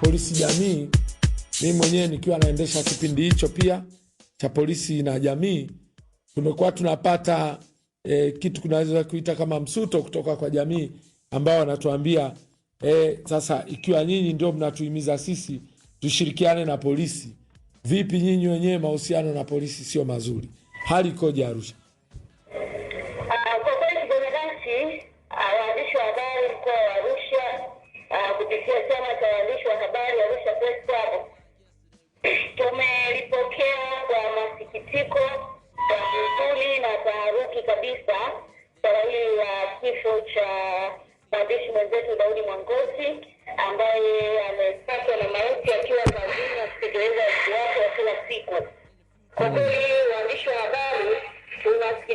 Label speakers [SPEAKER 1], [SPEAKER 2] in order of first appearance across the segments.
[SPEAKER 1] polisi jamii. Mimi mwenyewe nikiwa naendesha kipindi hicho pia cha polisi na jamii, tumekuwa tunapata e, kitu kunaweza kuita kama msuto kutoka kwa jamii ambao wanatuambia e, sasa ikiwa nyinyi ndio mnatuhimiza sisi tushirikiane na polisi, vipi nyinyi wenyewe mahusiano na polisi sio mazuri? Hali ikoje Arusha?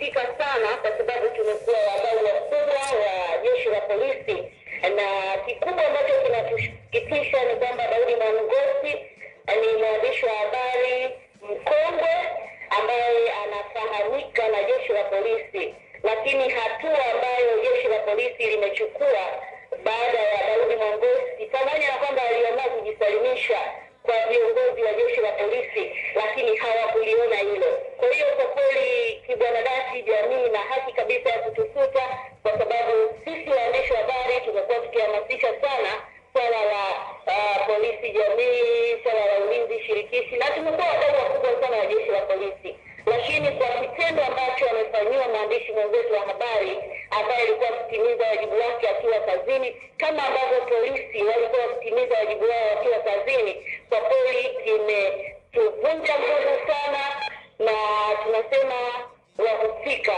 [SPEAKER 2] Nimesikitika sana kwa sababu tumekuwa walikuwa wakitimiza wajibu wao wakiwa kazini, kwa kweli kimetuvunja nguvu sana, na tunasema wahusika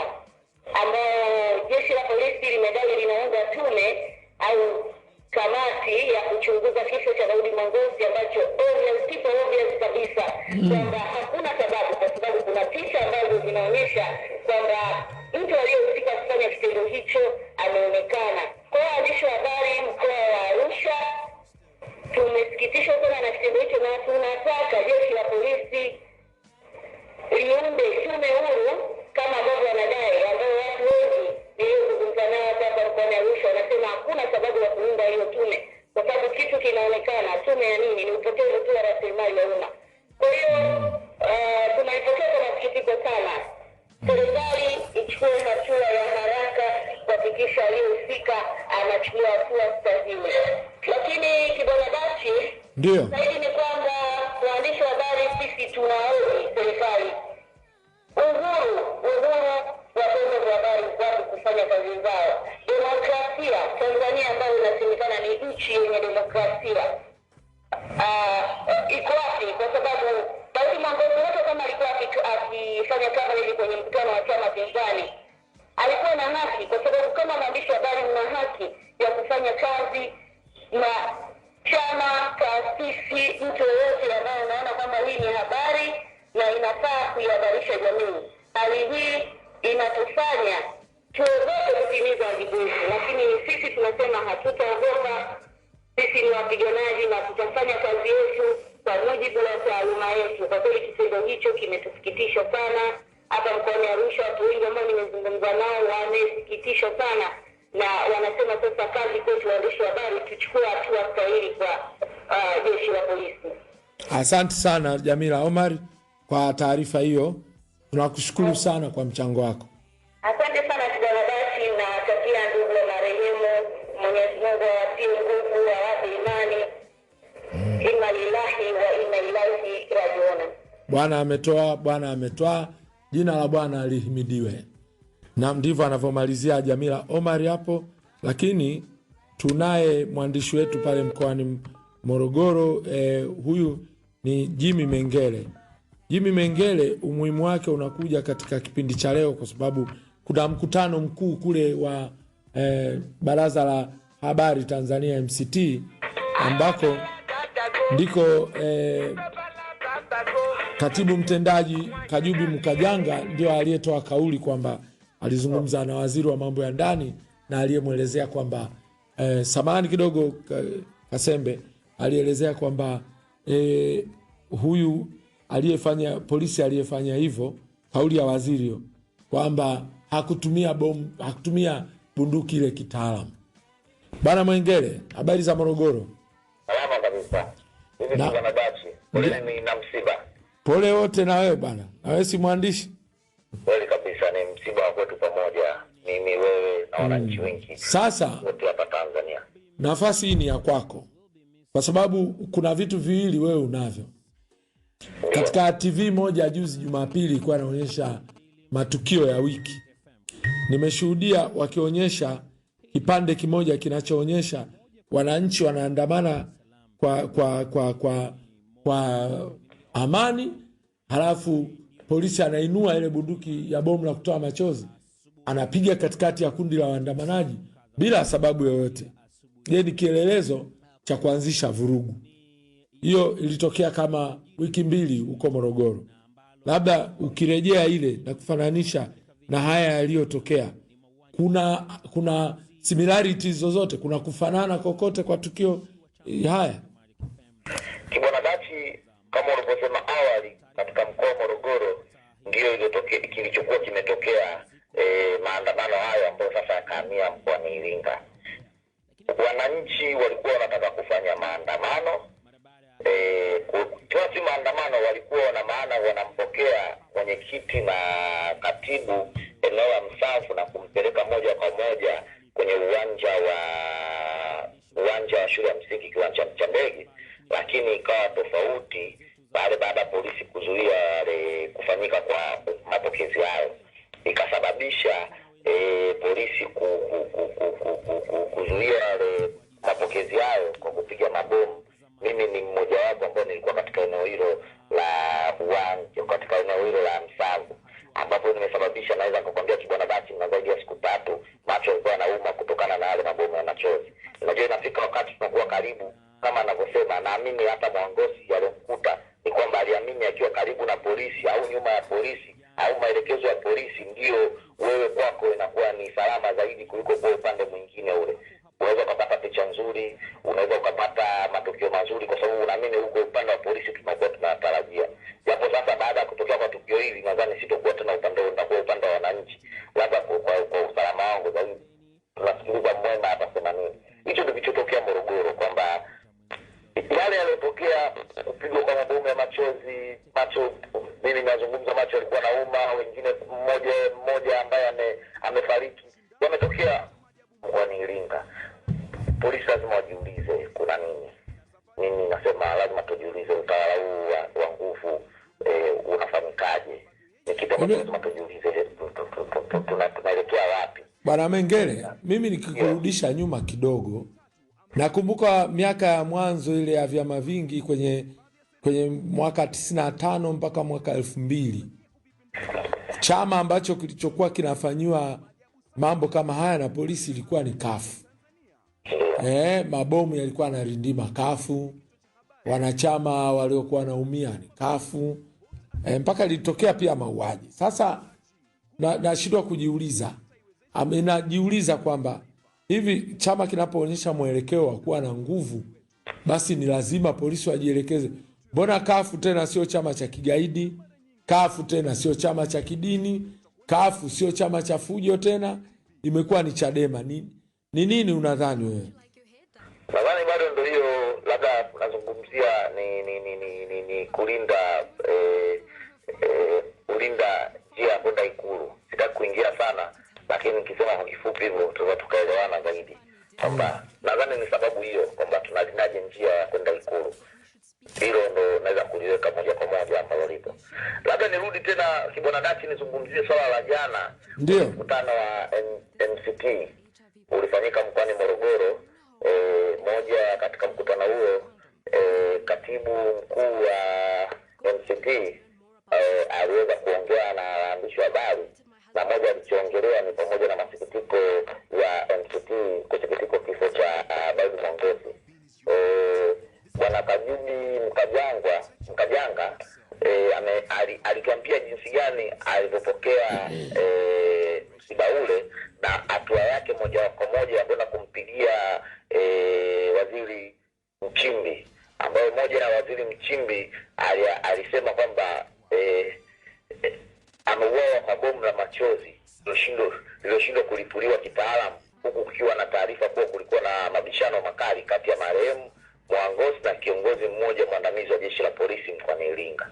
[SPEAKER 2] ambao jeshi la polisi limedai linaunda tume au kamati ya kuchunguza kifo cha Daudi Mwangosi ambacho obvious, kipo obvious kabisa mm. kwamba mm, hakuna sababu, kwa sababu kuna picha ambazo zinaonyesha kwamba mtu aliyehusika kufanya kitendo hicho ameonekana. Kwa hiyo waandishi wa habari tunataka jeshi la polisi liunde tume huru kama ambavyo wanadai, ambayo watu wengi niliozungumza nao hapa mkoani Arusha wanasema hakuna sababu ya kuunda hiyo tume, kwa sababu kitu kinaonekana, tume ya nini? Ni upotevu tu wa rasilimali ya umma. Kwa hiyo mm. uh, tunaipokea kwa masikitiko sana. Serikali ichukue hatua ya haraka kuhakikisha aliyehusika anachukua hatua stahili, lakini kibwana bachi ndio kufanya kama hili kwenye mkutano wa chama pinzani. Alikuwa na haki, kwa sababu kama mwandishi habari mna haki ya kufanya kazi na chama, taasisi, mtu yoyote ambaye unaona kwamba hii ni habari na inafaa kuihabarisha jamii. Hali hii inatufanya tuogope kutimiza wajibu wetu, lakini sisi tunasema hatutaogopa. Sisi ni wapiganaji na tutafanya kazi yetu kwa mujibu wa taaluma yetu. Kwa kweli kitendo hicho kimetusikitisha sana, hata mkoani Arusha watu wengi ambao nimezungumza nao wamesikitishwa sana, na wanasema sasa kazi kwetu waandishi wa habari tuchukue hatua stahili kwa uh, jeshi la polisi.
[SPEAKER 1] Asante sana Jamila Omar kwa taarifa hiyo, tunakushukuru sana kwa mchango wako.
[SPEAKER 2] Asante sana Kiganabasi, na takia ndugu marehemu, Mwenyezi Mungu awatie nguvu, awape imani wa inna ilaihi
[SPEAKER 1] Bwana ametoa, Bwana ametoa, jina la Bwana lihimidiwe. Na ndivyo anavyomalizia Jamila Omari hapo, lakini tunaye mwandishi wetu pale mkoani Morogoro eh, huyu ni Jimmy Mengele. Jimmy Mengele, umuhimu wake unakuja katika kipindi cha leo kwa sababu kuna mkutano mkuu kule wa eh, Baraza la Habari Tanzania MCT ambako ndiko eh, katibu mtendaji Kajubi Mkajanga ndio aliyetoa kauli kwamba alizungumza na waziri wa mambo ya ndani na aliyemwelezea kwamba eh, samani kidogo Kasembe alielezea kwamba eh, huyu aliyefanya polisi aliyefanya hivyo, kauli ya waziri kwamba hakutumia bomu, hakutumia bunduki ile kitaalamu. Bana Mwengele, habari za Morogoro?
[SPEAKER 3] na, ni na msiba.
[SPEAKER 1] Pole wote na wewe bana, na wewe si mwandishi
[SPEAKER 3] kweli kabisa. Ni msiba wa kwetu pamoja, mimi wewe na mm. wananchi mm. wengi
[SPEAKER 1] sasa
[SPEAKER 3] wote hapa Tanzania.
[SPEAKER 1] Nafasi hii ni ya kwako, kwa sababu kuna vitu viwili wewe unavyo. Katika TV moja juzi Jumapili ilikuwa inaonyesha matukio ya wiki, nimeshuhudia wakionyesha kipande kimoja kinachoonyesha wananchi wanaandamana kwa, kwa, kwa, kwa, kwa amani, halafu polisi anainua ile bunduki ya bomu la kutoa machozi anapiga katikati ya kundi la waandamanaji bila sababu yoyote. Je, ni kielelezo cha kuanzisha vurugu? Hiyo ilitokea kama wiki mbili huko Morogoro. Labda ukirejea ile na kufananisha na haya yaliyotokea, kuna kuna similarities zozote? Kuna kufanana kokote kwa tukio eh, haya?
[SPEAKER 3] katika mkoa wa Morogoro ndio kilichokuwa kimetokea e, maandamano hayo ambayo sasa yakahamia mkoani Iringa. Wananchi walikuwa wanataka kufanya maandamano e, eh, kwa si maandamano, walikuwa wana maana wanampokea mwenyekiti na katibu eneo la Msafu na kumpeleka moja kwa moja kwenye uwanja wa uwanja wa shule ya msingi kiwanja cha ndege, lakini ikawa tofauti baada baada polisi kuzuia e, kufanyika kwa mapokezi hayo ikasababisha e, polisi ku, ku, ku, ku, ku, ku, ku, kuzuia yale eh, mapokezi hayo kwa kupiga mabomu. Mimi ni mmoja wapo ambao nilikuwa katika eneo hilo la uwanja, katika eneo hilo la Msamvu ambapo nimesababisha, naweza kukwambia kibwana bachi na zaidi ya siku tatu, macho yalikuwa yanauma kutokana na yale mabomu ya machozi. Unajua, inafika wakati tunakuwa karibu, kama anavyosema, naamini hata Mwangosi yale polisi au nyuma ya polisi au maelekezo ya polisi, ndio wewe kwako inakuwa ni salama zaidi kuliko kwa upande mwingine. lazima tunaelekea wapi.
[SPEAKER 1] Bwana Mengele, mimi nikikurudisha nyuma kidogo, nakumbuka miaka ya mwanzo ile ya vyama vingi kwenye kwenye mwaka tisini na tano mpaka mwaka elfu mbili chama ambacho kilichokuwa kinafanyiwa mambo kama haya na polisi ilikuwa ni kafu. Eh, mabomu yalikuwa yanarindima kafu, wanachama waliokuwa wanaumia ni kafu e, mpaka ilitokea pia mauaji. Sasa nashindwa na kujiuliza, najiuliza kwamba hivi chama kinapoonyesha mwelekeo wa kuwa na nguvu, basi ni lazima polisi wajielekeze. Mbona kafu tena sio chama cha kigaidi? Kafu tena sio chama cha kidini? Kafu sio chama cha fujo tena, imekuwa ni Chadema. Ni nini unadhani wewe?
[SPEAKER 3] Nadhani bado ndo hiyo, labda unazungumzia ni, ni, ni, ni, ni, ni kulinda eh, kulinda njia ya kwenda Ikulu. Sitaki kuingia sana, lakini nikisema kwa kifupi hivyo tunaweza tukaelewana zaidi kwamba nadhani ni sababu hiyo kwamba tunalindaje njia ya kwenda Ikulu. Hilo ndo naweza kuliweka moja kwa moja ambalo lipo. Labda nirudi tena Kibwana Dachi, nizungumzie swala la jana, ndio mkutano wa MCT ulifanyika mkoani Morogoro. E, moja katika mkutano huo e, katibu mkuu wa MCT Eh, aliweza kuongea na waandishi wa habari na moja alichoongelea ni pamoja na masikitiko ya MCT kusikitiko kifo cha Abaidi eh, Mwangesi. Eh, bwana Kajubi Mkajangwa Mkajanga alituambia jinsi gani alivyopokea msiba ule na hatua yake moja kwa moja ya kwenda kumpigia waziri Mchimbi, ambayo moja ya waziri Mchimbi alisema kwamba Eh, eh, ameuawa kwa bomu la machozi lililoshindwa kulipuliwa kitaalamu, huku kukiwa na taarifa kuwa kulikuwa na mabishano makali kati ya marehemu Mwangosi na kiongozi mmoja mwandamizi wa jeshi la polisi mkoani Iringa.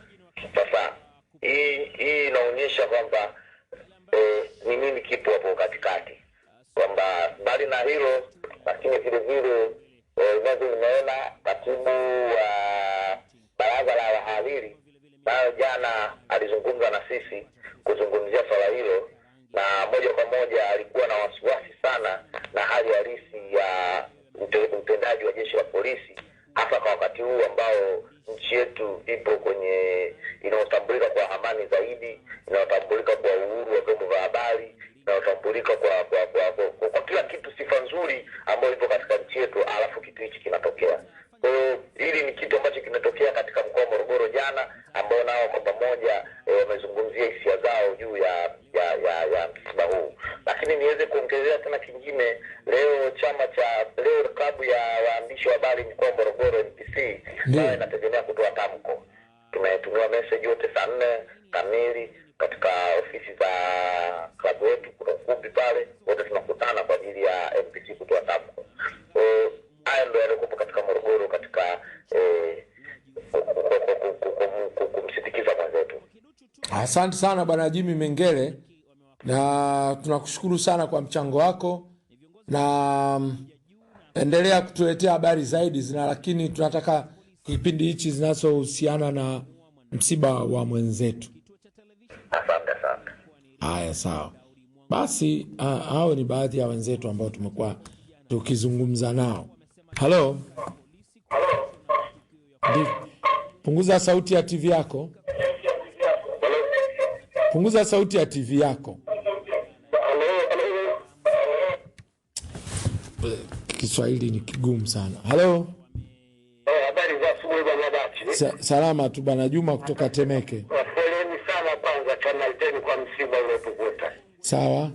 [SPEAKER 3] Sasa hii hii inaonyesha kwamba eh, ni nini kipo hapo katikati, kwamba mbali na hilo lakini vile vile eh, nimeona katibu wa uh, baraza la wahariri nayo jana alizungumza na sisi kuzungumzia swala hilo, na moja kwa moja alikuwa ambayo Inategemea kutoa tamko. Tumetumiwa message yote saa nne kamili katika ofisi za klabu yetu, kuna ukumbi pale, wote tunakutana kwa ajili ya MPC kutoa tamko. Haya ndo yaliokuwepo katika Morogoro katika eh, kumsindikiza mwenzetu.
[SPEAKER 1] Asante sana Bwana Jimmy Mengele, na tunakushukuru sana kwa mchango wako na mm, endelea kutuletea habari zaidi zina, lakini tunataka kipindi hichi zinazohusiana na msiba wa mwenzetu.
[SPEAKER 3] Asante sana.
[SPEAKER 1] Haya, sawa basi. Hao ni baadhi ya wenzetu ambao tumekuwa tukizungumza nao. Halo, punguza sauti ya TV yako, punguza sauti ya TV yako. Kiswahili ni kigumu sana. Halo. Sa, salama tu bwana Juma kutoka Temeke.
[SPEAKER 3] Wafoleni sana kwanza Channel 10 kwa msiba uliotukuta. Sawa.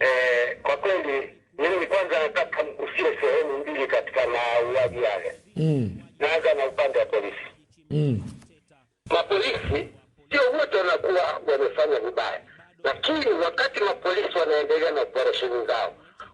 [SPEAKER 3] Eh, kwa kweli mimi kwanza nataka mkusie sehemu mbili katika mauaji yale. Mm. Naanza na upande wa polisi. Mm. Mapolisi sio wote wanakuwa wamefanya vibaya, lakini wakati mapolisi wanaendelea na operesheni zao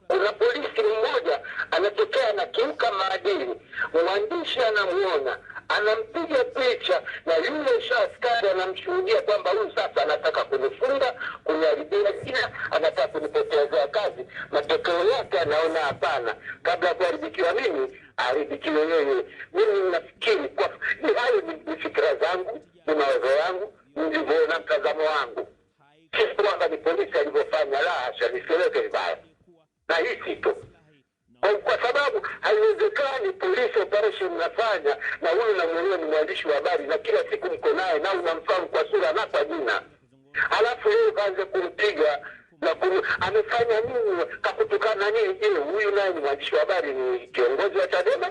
[SPEAKER 3] kuna polisi mmoja anatokea kiuka maadili, mwandishi anamuona anampiga picha na yule shaaskari anamshuhudia kwamba huyu sasa anataka kunifunga, kuniharibia jina, anataka kunipotezea kazi. Matokeo yake anaona hapana, kabla ya kuharibikiwa mimi aharibikiwe yeye. Mimi nafikiri kwa hayo ni fikira zangu, ni mawazo yangu, nilivyoona mtazamo wangu, si kwamba ni polisi alivyofanya. La hasha, nisieleke vibaya na hii sito kwa sababu haiwezekani polisi operation nafanya na huyu namuona ni mwandishi wa habari na kila siku mko naye na unamfahamu kwa sura na kwa jina, alafu yeye ukaanze kumpiga na kum, amefanya nini? Kakutukana nini? Je, huyu naye ni mwandishi wa habari, ni kiongozi wa Chadema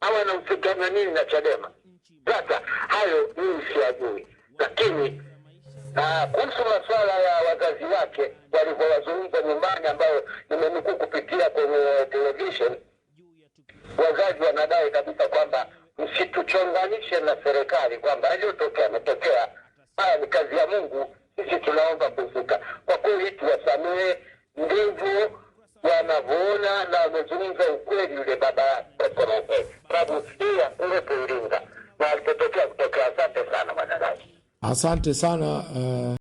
[SPEAKER 3] au anamtukana nini na Chadema? Sasa hayo mimi siyajui, lakini Ah, kuhusu masuala ya wazazi wake walivyowazungumza nyumbani, ambayo nimenukuu kupitia kwenye television, wazazi wanadai kabisa kwamba msituchonganishe na serikali, kwamba aliyotokea ametokea, haya ni kazi ya Mungu, sisi tunaomba kuvuka. Kwa kweli tuwasamehe, ndivyo wanavyoona na wamezungumza ukweli. Yule baba sababu hii akuwepo Iringa na alipotokea kutokea. Asante sana mwanadamu.
[SPEAKER 1] Asante sana uh...